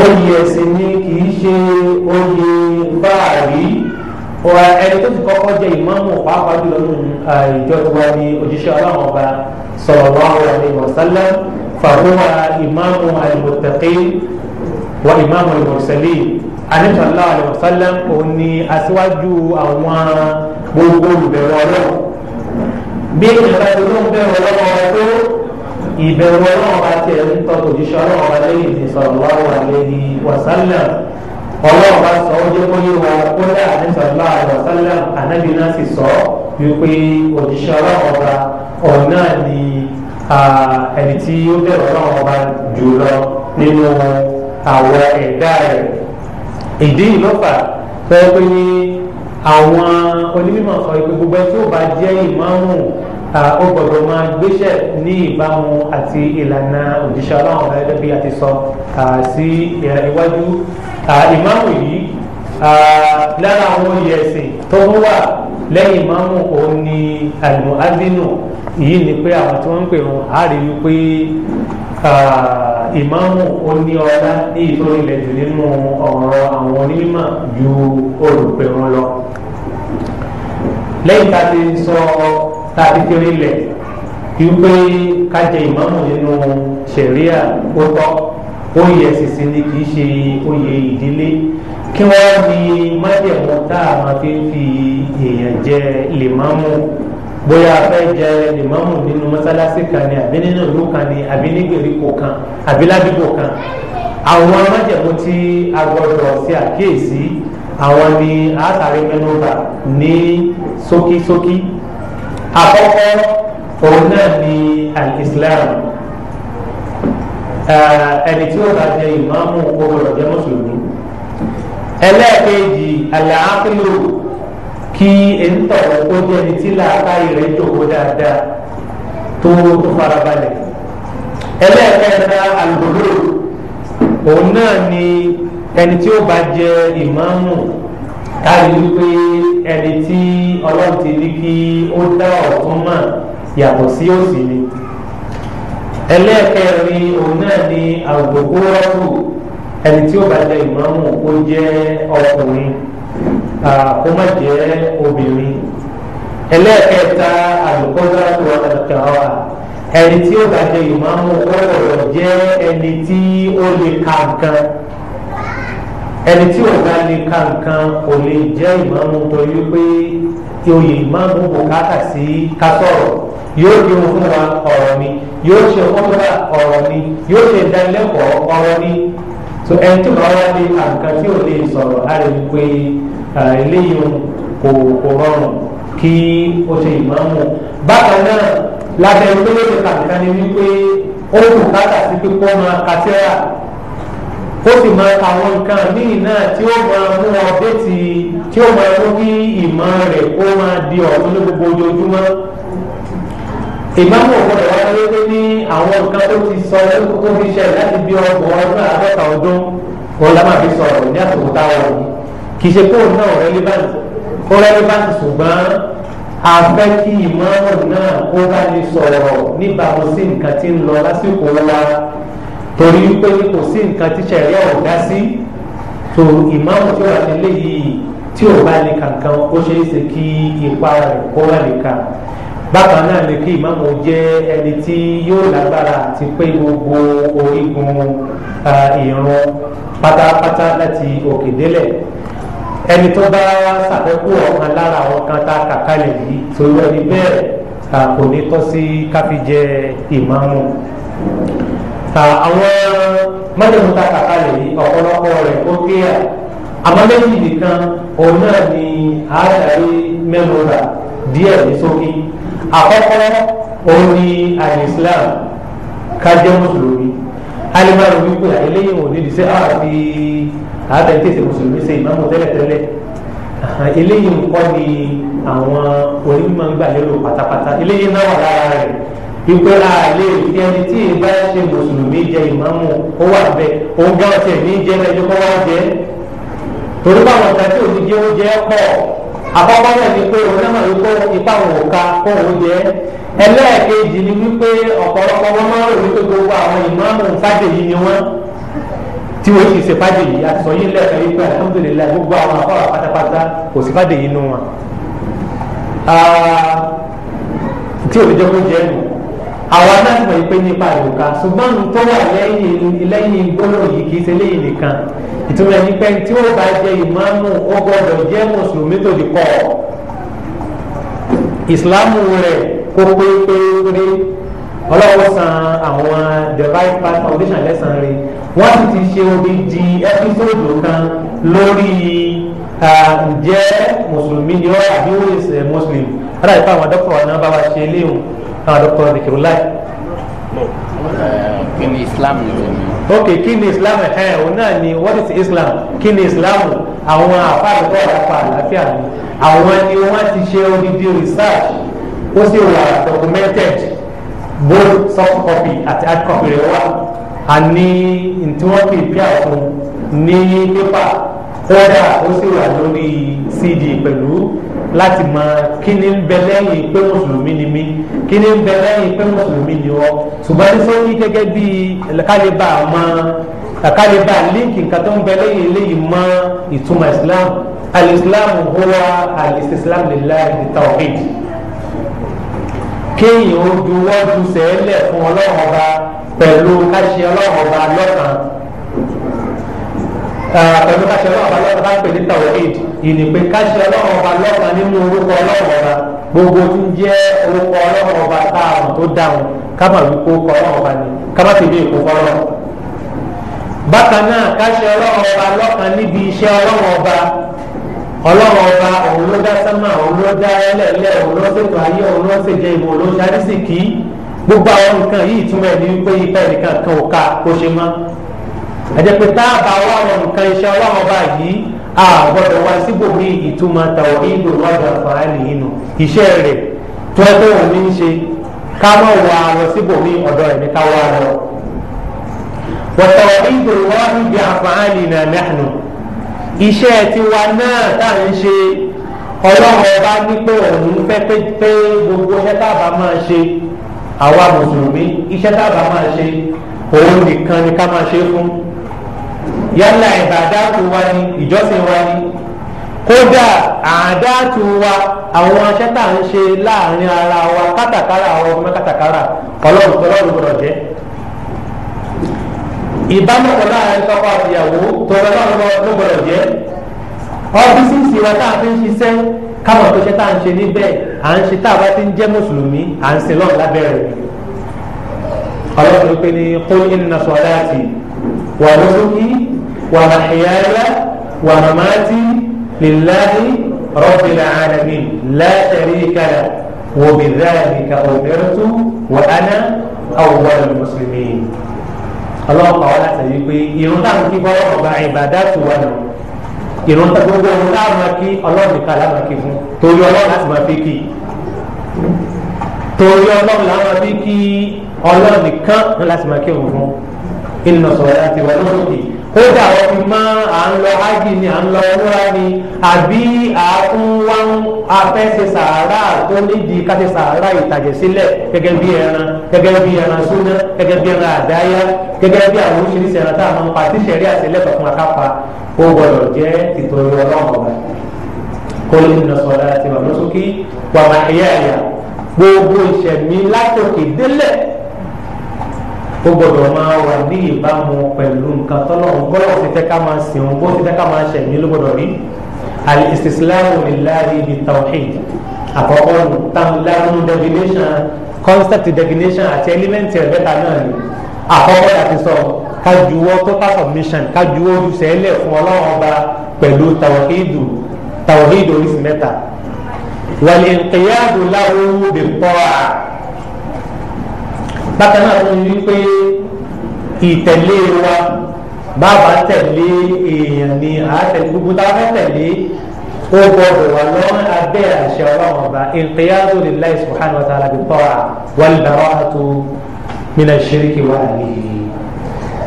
oyè ẹ̀sìn ni kì í ṣe oyè báàrí ẹni tó ti kọ́kọ́ jẹ ìmáàmù pàápàá jùlọ nínú ìjọ tiwa ni òjíṣẹ́ ọlọ́run ọba sallallahu alaihi wasallam fahuwa ìmáàmù al-muttaqin wa ìmáàmù al-mursalin sallallahu alaihi wasallam aṣíwájú àwọn gbogbo olùbẹ̀rẹ̀ ọlọ́run bí ìgbà tó ń bẹ̀rù ọlọ́wọ́ tó ìbẹ̀rù ọlọ́wọ́ bá tiẹ̀ ń tọ́ òjíṣẹ́ ọlọ́wọ́ bá lẹ́yìn ti sallallahu alaihi wasallam ọlọ́wọ́ bá sọ ó jẹ́ kó yé wa kó dá àní wasallam ànábì náà sì sọ wípé òjíṣẹ́ ọlọ́wọ́ ọ̀nà ni ẹni tí ó bẹ̀rù ọlọ́wọ́ bá jùlọ nínú àwọn ẹ̀dá rẹ̀ ìdí ìlọ́fà fẹ́ pé ní àwọn onímọ̀ sọ ìpè gbogbo ẹ tí ó bá jẹ́ ìmáàmù ó gbọ́dọ̀ máa gbéṣẹ́ ní ìbámu àti ìlànà òjíṣẹ́ ọlọ́run gẹ́gẹ́ bí a ti sọ sí iwájú ìmáàmù yìí lára àwọn oyè ẹ̀sìn tó ń wà lẹ́yìn ìmáàmù òun ni àlùmọ́ádínù yìí ni pé àwọn tí wọ́n ń pè wọn á rí i pé ìmáàmù oníọlá ní ìtòlilẹ̀ jù nínú ọ̀rọ̀ àwọn onímọ̀ ju olùpẹ̀ wọn lọ lẹ́yìn tá a ti sọ ọ́ tàbí kiri lẹ̀ wípé kájẹ ìmáàmù nínú sẹ̀ríà ó tọ́ oyè sisi ni kì í ṣe oyè ìdílé kí wọ́n ní májẹ̀mú tá a máa fi fi èèyàn jẹ lèmámù bóyá a fẹ́ jẹ lèmámù nínú mọ́sálásí kan ni àbí nínú ìlú kan ni àbí ní gbèríko kan àbí ládùúgbò kan àwọn májẹ̀mú tí a gbọ́dọ̀ sí àkíyèsí àwọn ni a sáré mẹ́nu bà ní ṣókíṣókí. So àkọ́kọ́ òun náà ni al-Islam ẹni tí ó bá jẹ ìmáàmù ọgbọ̀dọ̀ jẹ́ mùsùlùmí ẹlẹ́ẹ̀kejì àlàáfílò kí ẹnitọ̀ ó jẹ́ ẹni tí làákàyè rẹ̀ jòkó dáadáa tó tó farabalẹ̀ ẹlẹ́ẹ̀kẹta àlùbọ̀lò òun náà ni ẹni tí ó bá jẹ ìmáàmù káyọ̀ wípé ẹni tí ọlọ́run ti ní kí ó dá ọ̀tún mọ̀ yàtọ̀ sí òsì ni ẹlẹ́ẹ̀kẹrin òun náà ni àgbògbó rọ́pù ẹni tí ó bá jẹ ìmáàmù kó jẹ́ ọkùnrin kó má jẹ́ obìnrin ẹlẹ́ẹ̀kẹta àlùkọ́dá tó wà kàkà ẹni tí ó bá jẹ ìmáàmù kó wọ̀ jẹ́ ẹni tí ó lè ka nǹkan ẹni tí ọba lè ka kò lè jẹ́ ìmáàmù torí pé oyè ìmáàmù bùkátà sí kásọ̀rọ̀ yóò di ohun fún wa ọ̀rọ̀ ni yóò ṣe ọmọdúnrà ọ̀rọ̀ ni yóò ṣe ìdánilẹ́kọ̀ọ́ ọ̀rọ̀ ni so ẹni tí ọba lè ka nǹkan tí ò lè sọ̀rọ̀ láti rí pé eléyìí kò kò rọrùn kí ó ṣe ìmáàmù bákan náà lábẹ́ pé ó ni wípé ó bùkátà sí pípọ́ máa kàtíra ó sì mọ àwọn nǹkan míì náà tí ó máa mú ọ̀bẹ́tì tí ó máa mú kí ìmọ̀ rẹ̀ kó máa di ọ̀tún ní gbogbo ojoojúmọ́ ìmáàmù ọ̀gbọ́dọ̀ wá lé pé ní àwọn nǹkan tó ti sọ tó fi ṣẹlẹ̀ láti bí ọgbọ̀n ọdún àádọ́ta ọdún òun la máa fi sọ̀rọ̀ ní àsìkò táwọn ọ̀hún kì í ṣe pé òun náà relevant ó relevant ṣùgbọ́n a fẹ́ kí ìmáàmù náà kó bá lè sọ̀rọ̀ níbàámu sí nǹkan tí ń lọ lásìkò wa torí pé kò sí nǹkan tí sẹ̀ríà ò dá sí tó ìmáàmù tí ó wà nílé yìí tí ò bá lè kankan ó ṣeé ṣe kí ipa rẹ̀ kó wà lè ka bákan náà ni kí ìmáàmù jẹ́ ẹni tí yóò lágbára àti pé gbogbo orígun ìrun pátápátá láti òkè délẹ̀ ẹni tó bá ṣàfẹ́kù ọ̀kan lára àwọn kan tá a kà kalẹ̀ yìí torí ẹni bẹ́ẹ̀ kò ní tọ́ sí káfíjẹ ìmáàmù àwọn mẹ́tẹ̀ẹ̀mú ta kàkà lè yí ọ̀pọ̀lọpọ̀ rẹ̀ ó gé à àmọ́ méjì nìkan òun náà ni àádàrí mẹ́nu rà díẹ̀ ní sókè àkọ́kọ́ òun ni àìsílám kájẹ́ mùsùlùmí alimaro wípé àìléyìn òní ní sẹ àti àádẹ́tẹ̀sẹ̀ mùsùlùmí ṣe ìmáàmù tẹ́lẹ̀tẹ́lẹ̀ eléyìí nǹkan ni àwọn onímọ̀ ń gbà lérò pátápátá eléyìí náà wà lára rẹ̀ ìpẹ́ àlè ìdí ẹni tí ìbá ṣe mùsùlùmí jẹ ìmáàmù ó wà bẹ́ẹ̀ òun gan ọ̀sẹ̀ ní jẹ́ ẹjọ́ kọ́ wá jẹ́ torí báwọn ọ̀sẹ̀ tí òní jẹ́ oúnjẹ pọ̀ àkọ́kọ́ náà ni pé òun náà wípé ipa òun ká kó òun jẹ́ ẹlẹ́ẹ̀kejì ni wípé ọ̀pọ̀lọpọ̀ wọn máa ń rò wípé gbogbo àwọn ìmáàmù fàjèyí ni wọ́n tí wọ́n sì ṣe fàjèyí àtìsọ yìí lẹ́ẹ̀kan yìí pé alhamdulilayi gbogbo àwọn afọ́ra pátápátá kò sí àwọn aláìmọ ìpè nípa ìwòká ṣùgbọ́n tó wà lẹ́yìn lẹ́yìn gbólóhùn yìí kì í ṣe lẹ́yìn nìkan ìtumọ̀ ẹni pé tí ó bá jẹ ìmáàmù ó gbọ́dọ̀ jẹ́ mùsùlùmí tó di kọ́ ìsìláàmù rẹ̀ kó pé pé pé ọlọ́wọ́ san àwọn the right path foundation lẹ́sàn rẹ̀ wọ́n sì ti ṣe odidi ẹ́písòdù kan lórí ǹjẹ́ mùsùlùmí ni ọ́ àbí ó ṣe mùsùlùmí. aláìpá àwọn dókítà ọ̀nà bá wa ṣe léwu àwọn dọ́kítọ̀ nìkìrún láì. No. Kini islam ni tẹ̀lé. ok kí ni islam ẹ̀ ẹ̀ ni what is islam kí ni islam àwọn àfáàdùkọ̀ àpá àlàáfíà ni àwọn ni wọ́n ti di odidi research ó sì wà documented both soft copy àti hard copy rẹ̀ wà a ní tí wọ́n fi bí àfún ní pépà kódà ó sì wà lórí cd pẹ̀lú láti mọ kíni ń bẹ lẹ́yìn pé mùsùlùmí ni mí kíni ń bẹ lẹ́yìn pé mùsùlùmí ni ọ ṣùgbọ́n ní sọ́yìn gẹ́gẹ́ bí kálíbà mọ kálíbà líǹkì nǹkan tó ń bẹ lẹ́yìn eléyìí mọ ìtumọ̀ islam al-islam huwa al-istislam lillahi bitawhid kéèyàn ó juwọ́ ju sẹ́ẹ̀lẹ̀ fún ọlọ́run ọba pẹ̀lú káṣí ọlọ́run ọba lọ́kàn pẹ̀lú káṣí ọlọ́run ọba lọ́kàn láti pè ní tawhid ìní pé káṣí ọlọ́run ọba lọ́kàn nínú orúkọ ọlọ́run ọba gbogbo tí ń jẹ́ orúkọ ọlọ́run ọba táwọn tó dáhùn kábà wípé ó kọ ọlọ́run ọba ni kábà sì ní ìkó fọlọ́ bákan náà káṣí ọlọ́run ọba lọ́kàn níbi iṣẹ́ ọlọ́run ọba ọlọ́run ọba òun ló dá sánmà òun ló dá ẹlẹ́lẹ́ òun ló ṣètò ayé òun ló gbogbo àwọn nǹkan yìí túmọ̀ ní wípé ìfẹ́ nìkan kan ò ka kó ṣe mọ́ àjẹpẹ tá a bá wà wọn nǹkan iṣẹ́ Ọlọ́run ọba yìí a gbọ́dọ̀ wá síbòmí ìtumọ̀ tàwọn ìlú wàdà fàálì yìí nù iṣẹ́ rẹ̀ tó ẹ tó wọn ní í ṣe ká má wà lọ síbòmí ọ̀dọ̀ ẹni ká wà lọ. wọ̀tàwọ̀ ìlú wàdà bí àfàálì nà nàánú iṣẹ́ tiwa náà tá à ń ṣe Ọlọ́run ọba ní pé òun fẹ́ pé gbogbo iṣẹ́ tá a bá máa ṣe àwa mùsùlùmí iṣẹ́ tá a bá máa ṣe òun nìkan ni ká máa ṣe fún yálà ìbàdàtù wa ni ìjọsìn wa ni kódà àdáàtù wa àwọn aṣẹ́ tá à ń ṣe láàrin ara wa kátàkárà àwọn ọmọ kátàkárà ọlọ́run ọlọ́run gbọdọ̀ jẹ́ ìbámọ̀pọ̀ láàrin tọ́kọ àtìyàwó tọ́lá ọlọ́run ló gbọdọ̀ jẹ́ ọ́fíìsì wa tá a fi ń ṣiṣẹ́ káwọn tó ṣe tá à ń ṣe níbẹ̀ à ń ṣe tá a bá ti ń jẹ́ mùsùlùmí à ń ṣe lọ́ọ̀ lábẹ́rẹ́ ọlọ́run ló pe ní qul inna salati wa nusuki. ومحياي ومماتي لله رب العالمين لا شريك له وبذلك أمرت وأنا أول المسلمين ọlọ́run pa wá láti ẹ̀yí pé irun táwọn kí bọ́lá ọba ìbàdá tù wá nù irun tó gbogbo irun táwọn máa kí ọlọ́run nìkan láwọn kí fún torí ọlọ́run láti máa fi kí torí ọlọ́run láwọn fi kí ọlọ́run nìkan láti máa kí òun fún inú sọ̀rọ̀ láti wà lóṣù kódà ọ̀fi mọ́ à ń lọ ájì ni à ń lọ ọlọ́ra ni àbí àfúnwá afẹ́sẹ̀ sàárà tó nídìí káṣẹ sàárà ìtàjẹ̀ sílẹ̀ gẹ́gẹ́ bí ẹran gẹ́gẹ́ bí ẹran súná gẹ́gẹ́ bí ẹran àdáyá gẹ́gẹ́ bí àwọn oríṣiríṣi ẹran tá a máa ń pa tí sẹ̀rí àṣẹlẹ̀ tó fún akápa ó gbọdọ̀ jẹ́ ìtòrí ọlọ́run ọba kólé nínú sọ̀rọ̀ àti wàmúsókè wàmáyáyà gbogbo ìṣẹ̀mí látòkè délẹ̀ ó gbọ́dọ̀ máa wà ní ìbámu pẹ̀lú nǹkan tọ́lọ̀ gbọ́dọ̀ ti fẹ́ ká máa sìn bó ti fẹ́ ká máa ṣẹ̀ ní ló gbọ́dọ̀ rí al-istislamu lillahi bi tawhid àkọ́kọ́ lanu definition concept definition àti element ẹ̀ bẹ́ta náà ni àkọ́kọ́ láti sọ ká juwọ́ total submission ká juwọ́ ojúṣe ẹlẹ́ fún ọlọ́run ọba pẹ̀lú tawhidu tawhidu oríṣi mẹ́ta wal inqiyadu lahu bit-ta'a bákan náà tó ń wí pé ìtẹ̀lé wa bàbá tẹ̀lé èèyàn ni àátẹ̀lé gbogbo tá a fẹ́ tẹ̀lé ó gbọdọ̀ wà lọ́rùn abẹ́ àṣẹ ọlọ́run ọba inqiyadu lillahi subhanahu wa ta'ala bit-ta'a wal bara'atu mina shiriki wa ahlihi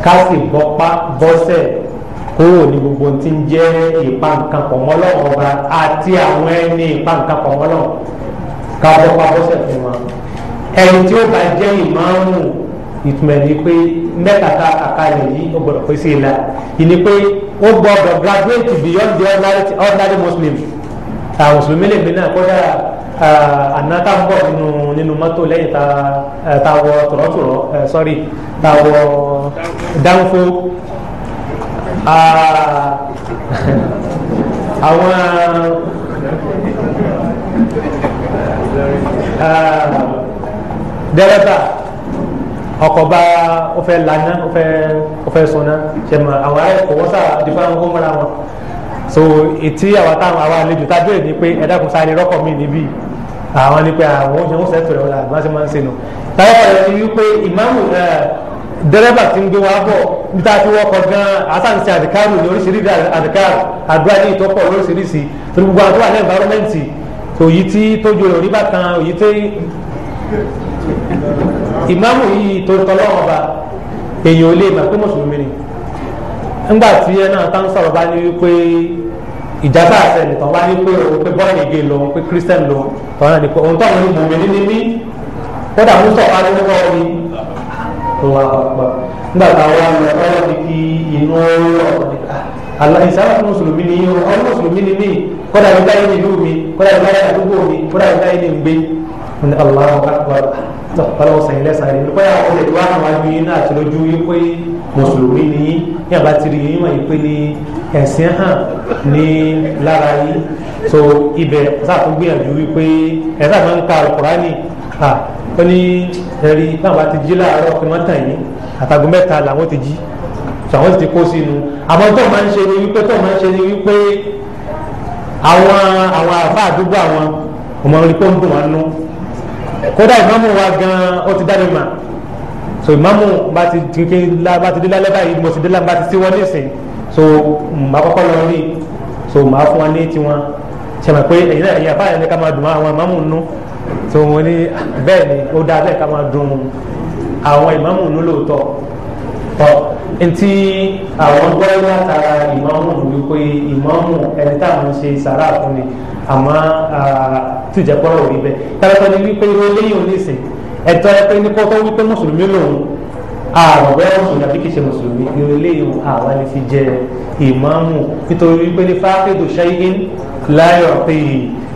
ká sì bọ́pá bọ́sẹ̀ kúrò ní gbogbo tí ń jẹ́ ìpa nǹkan pọ̀ mọ́ ọba àti àwọn ẹni ìpa nǹkan pọ̀ mọ́ ká bọ́pá bọ́sẹ̀ fún wọn ẹni tí ó bá jẹ́ ìmáàmù ìtumọ̀ ni pé mẹ́ta ta àkàlẹ̀ yìí ó gbọ́dọ̀ pé sí ilà ìní pé ó gbọ́dọ̀ graduate beyond the ordinary, ordinary muslim àwọn mùsùlùmí lè mi náà kódà àná tá ń bọ̀ nínú nínú mọ́tò lẹ́yìn tá tá wọ tòrọ́tòrọ́ sorry tá wọ dánfó àwọn dẹ́rẹ́bà ọkọ̀ bá lana ó fẹ́ ó fẹ́ sọnà ṣe mọ àwọn ayé kò dìbò àwọn ọmọra wọn so ètí àwọn táwọn àwọn àlejò tá a béèrè ni pé ẹ dákun sáré rọ́kọ̀ mi níbí àwọn ni pé àwọn oúnjẹ oúnjẹ fẹ̀rẹ̀ wọn làbí wọ́n ṣe máa ń ṣe nù táwọn ọ̀rẹ́ ti wí pé ìmáàmù dẹ́rẹ́bà ti ń gbé wa bọ̀ níbi ti wọ́kọ̀ gan asáǹsì àdìkárù ní oríṣiríṣi àdìkárù àdúrà ní ìtọ́pọ̀ lóríṣiríṣi torí gbogbo àdúrà ní environment òyì tí tójú rẹ̀ orí bàtàn òyì tí ìmáàmù yìí tó tọ́lọ́ ọba èèyàn ò lè mà pé mùsùlùmí ni ńgbà tí ẹ náà tá ń sọ̀rọ̀ bá ní wípé ìjàpá àṣẹlẹ̀ tó bá ní pé òun pé bọ́ọ̀lù ìgè lòun pé kírísítẹ́nì lòun tó náà ní pé òun tọ́lọ́ ní mùmí ní mí ó dà mú sọ̀rọ̀ ní wọ́ọ̀ mi wà pàpà ńgbà táwọn ọmọ ọlọ́ ní kí inú ọ̀rọ̀ ìsáwà fún mùsùlùmí ni ọ̀rọ̀ mùsùlùmí ni mí kọ́dà ìgbà yìí nílùú mi kọ́dà ìgbà yìí àdúgbò mi kọ́dà ìgbà yìí ní ní Allah Akbar tó ọlọ́wọ́ sẹ́yìn lẹ́sàn-án rẹ̀ nípa yàrá òkúlẹ̀ wà àwọn abiy iná àti lójú yín pé mùsùlùmí ni yín ní àbátìrì yín wọ̀nyí pé ní ẹ̀sìn hàn ní lára yín so ibẹ̀ sáàtún gbìyànjú wípé ẹ̀sà máa ń ka alukurani à ó ní ẹ̀rí náà bá ti jí láàárọ̀ kí wọ́n tàn yín àtàgọ́ mẹ́ta làwọn ti jí so àwọn ti kó sínú àmọ́ tó máa ń ṣe ni wípé tó máa ń ṣe ni wípé àwọn àwọn àfa àdúgbò àwọn ọmọ orí pé ń bùn wọn nú kódà ìmáàmù wa gan ó ti dáre mà so ìmáàmù bá ti kéke la bá ti dé lálẹ́ báyìí mo ti dé lálẹ́ bá ti sí wọn nísìn so màá kọ́kọ́ lọ rí so màá fún wa ní tiwọn sẹ̀mọ̀ pé ẹ̀yin náà ẹ̀yin àbáyọ̀ ní ká máa dùn àwọn ìmáàmù nù so wọn ní ah, bẹ́ẹ̀ ni ó dáa bẹ́ẹ̀ ká máa dùn àwọn ìmáàmù nù lóòótọ́ tọ́ ntí àwọn gbọ́ látara ìmáàmù wípé ìmáàmù ẹni tá ṣe sàrà fún ni àmọ́ tìjẹ́pọ̀rọ̀ rí bẹ́ẹ̀ tẹ́lẹ̀tọ́ ni wípé eléyìí ò ní sìn ẹ̀tọ́ ẹ pé ní kọ́tọ́ wípé mùsùlùmí lòun àwọn bẹ́ẹ̀ mùsùlùmí àbí kìí ṣe mùsùlùmí irú eléyìí àwa lè fi jẹ ìmáàmù nítorí wípé ní fáfíìdù ṣáyín láyọ̀ pé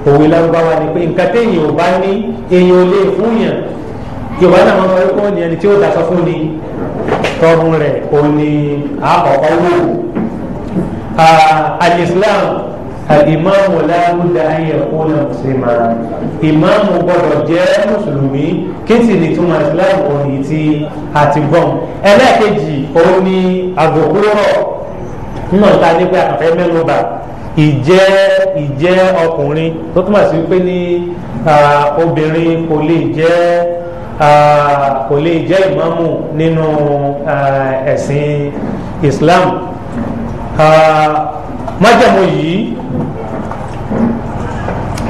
òwe lárúbáwá ni pé nǹkan téèyàn ò bá ní èèyàn ò lè fún yàn yorùbá náà máa ń sọ pé ó ní ẹni tí ó dáṣọ fún ni tọrun rẹ̀ òní àkọ́kọ́ wò alislam alimami labuda ayẹkuna muslima imamu gbọ́dọ̀ jẹ́ mùsùlùmí kìtì ní túmọ̀ islam òní tí a ti gbọ́n ẹlẹ́ẹ̀kejì òní àgòkúrò nínú ọ̀tá nípa àfẹ́ mẹ́lúbà ìjẹ́ ìjẹ́ ọkùnrin tó túmọ̀ sí pé ní obìnrin kò lè jẹ́ kò lè jẹ́ ìmáàmù nínú ẹ̀sìn Islam májàmú yìí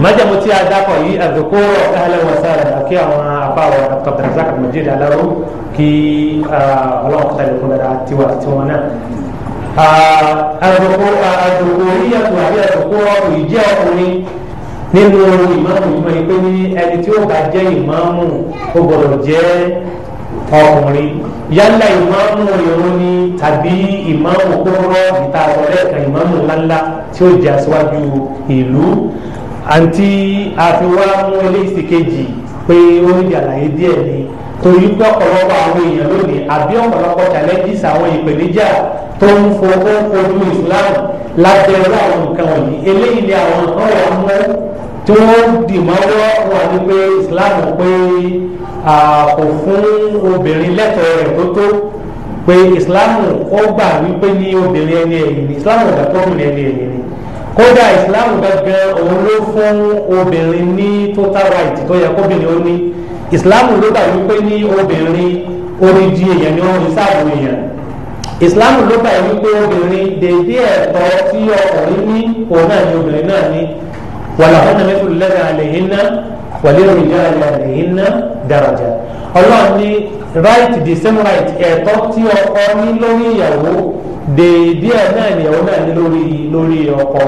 májàmú tí a dákọ̀ yìí àdókòrò ahlan wa sahlan kí àwọn afáwọ̀ Abdulrazak Majid aláwọ̀ kí ọlọ́run kọ́ta lè kó dára tiwa tiwọn náà àdókòrò àdókòrò yíyàtọ̀ àbí àdókòrò ìjẹ́ ọkùnrin nínú ìmáàmù yìí máa ń pè ní ẹni tí ó bá jẹ́ ìmáàmù ó gbọ́dọ̀ jẹ́ ọkùnrin yálà ìmáàmù ìrun ni tàbí ìmáàmù kúrọ́ ìta àtọ̀rẹ́ kan ìmáàmù ńláńlá tí ó jẹ́ aṣáájú ìlú àǹtí àfiwá mú eléyìí kejì pé ó ń yàlàyé díẹ̀ ni torí pé ọ̀pọ̀lọpọ̀ àwọn èèyàn lónìí àbí ọ̀pọ̀lọpọ̀ challenges àwọn ìpèníjà tó ń fowó ojú Islam lábẹ́ ọlọ́run nǹkan wọ̀nyí eléyìí ni àwọn ọ̀rọ̀ mú tí wọ́n dì mọ́wọ́ wà ní pé Islam pé kò fún obìnrin lẹ́tọ̀ọ́ rẹ̀ tó tó pé Islam ó gbà wípé ní obìnrin ẹni ẹ̀yìn ni Islam ọ̀gá tó obìnrin ẹni ẹ̀yìn ni kódà Islam gangan òun ló fún obìnrin ní total right tó yẹ kóbìnrin ó ní Islam ló gbà wípé ní obìnrin orí di èèyàn ni wọ́n fi sáàbù èèyàn Islam ló gbà wípé obìnrin dèédé ẹ̀tọ́ tí ọkùnrin ní òun náà ni obìnrin náà ní wàlàhùn náà mẹ́tò lẹ́rẹ̀ àlẹ́yìn náà wàlẹ́rù ìjára àlẹ́yìn náà daraja ọlọ́run ní right the same right ẹ̀tọ́ tí ọkọ ní lórí ìyàwó dèédé ẹ̀ náà ìyàwó náà ní lórí lórí ọkọ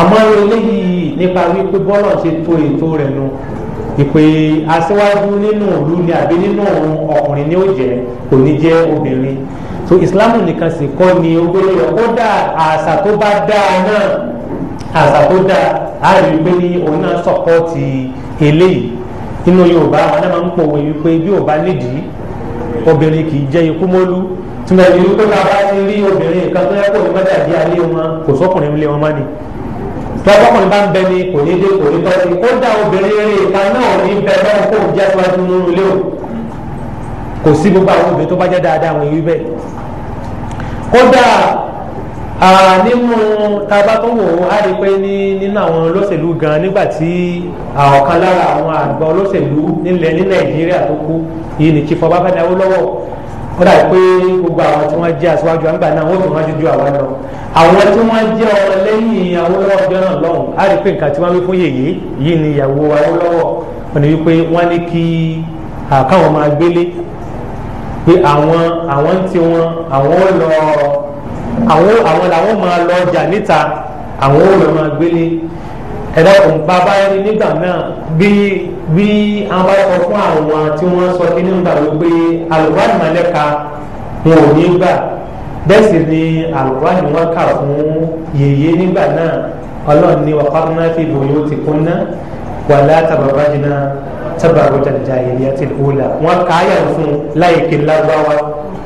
àmọ́ eléyìí nípa wípé bọ́lọ̀ ṣe tó ètò rẹ̀ nu ìpè aṣíwájú nínú òru ni àbí nínú ọkùnrin ni ó jẹ kò ní jẹ obìnrin so islam nìkan sì kọ́ ni ogbélé ọkọ dá àṣà tó bá dáa náà àṣà tó dáa a rí i pé ní òun náà sọ̀pọ́ọ̀tì eléyìí inú yorùbá àwọn náà máa ń pòwe wípé bí ò bá nídìí obìnrin kì í jẹ́ ikú mọ́lú tìmọ̀ ìlú pé bàbá ti rí obìnrin kan tó yẹ kó ní mọ́tà bí alẹ́ wọn kò sọ́kùnrin ilé wọn má ni tọ́kọ́kùnrin bá ń bẹ ni kò ní dé kò ní tọ́sí kódà obìnrin rè kan náà ní bẹ báwọn kò jẹ́ síwájú nínú ilé o kò sí gbogbo àwọn obìnrin tó bá jẹ́ dáadáa àwọn ìwí bẹ́ẹ̀ kódà Ah, nínú taba tó wò ó á rí pé ní nínú àwọn olóṣèlú gan nígbà tí ọ̀kan lára àwọn àgbà olóṣèlú nílẹ̀ ní nàìjíríà tó kú yìí ní chief Ọbáfẹ́mi Awólọ́wọ̀ ó dàbí pé gbogbo àwọn tí wọ́n jẹ́ aṣáájú àgbà náà wọ́n tún wọ́n ju àwa lọ àwọn tí wọ́n jẹ́ ọmọ lẹ́yìn Awólọ́wọ̀ jọ náà lọ́hùn á rí pé nǹkan tí wọ́n wí fún yèyé yìí ni ìyàwó Awólọ́wọ̀ wọ́n ní wípé wọ́n ní kí àkáwọn máa gbélé pé àwọn àwọn tí wọn àwọn lọ́ọ́ àwọn àwọn làwọn máa lọ ọjà níta àwọn ò máa gbélé ẹ̀dá kò ń pa báyìí nígbà náà bí bí àwọn bá sọ fún àwọn tí wọ́n sọ kí nígbà ló pé alùpàdé mọ̀lẹ́ka wọn ò ní gbà bẹ́ẹ̀ sì ni alùpàdé wọn kà fún yèyé nígbà náà ọlọ́run ní wàkàtúnà fi bòyó ti kún ná wàlá tàbàbàjìnà tàbàrọ̀jà jàìlì àti ìhùlà wọn kà á yàn fún láyé kí n lágbáwá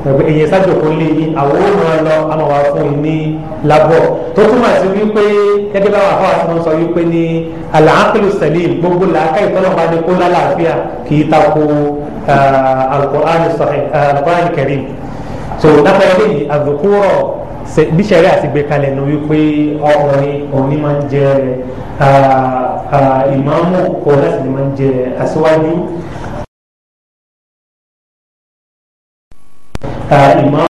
ẹ̀gbẹ́ èyàn sájòkó lé yín àwọn ò máa lọ àmọ́ wàá fún yín ní labọ tó túmọ̀ sí wípé gẹ́gẹ́ bá wàá fọwọ́ sọ wípé ní alaakulu salim gbogbo làákà ìtọ́nà bá ní kó lálàáfíà kì í tako alukur'an sahih alukur'an karim so dábàá yẹn lẹ́yìn àdùkúrọ̀ bí sẹ́rí àti gbé kalẹ̀ ní wípé ọkùnrin òní máa ń jẹ ìmáàmù kò láti máa ń jẹ tá, irmã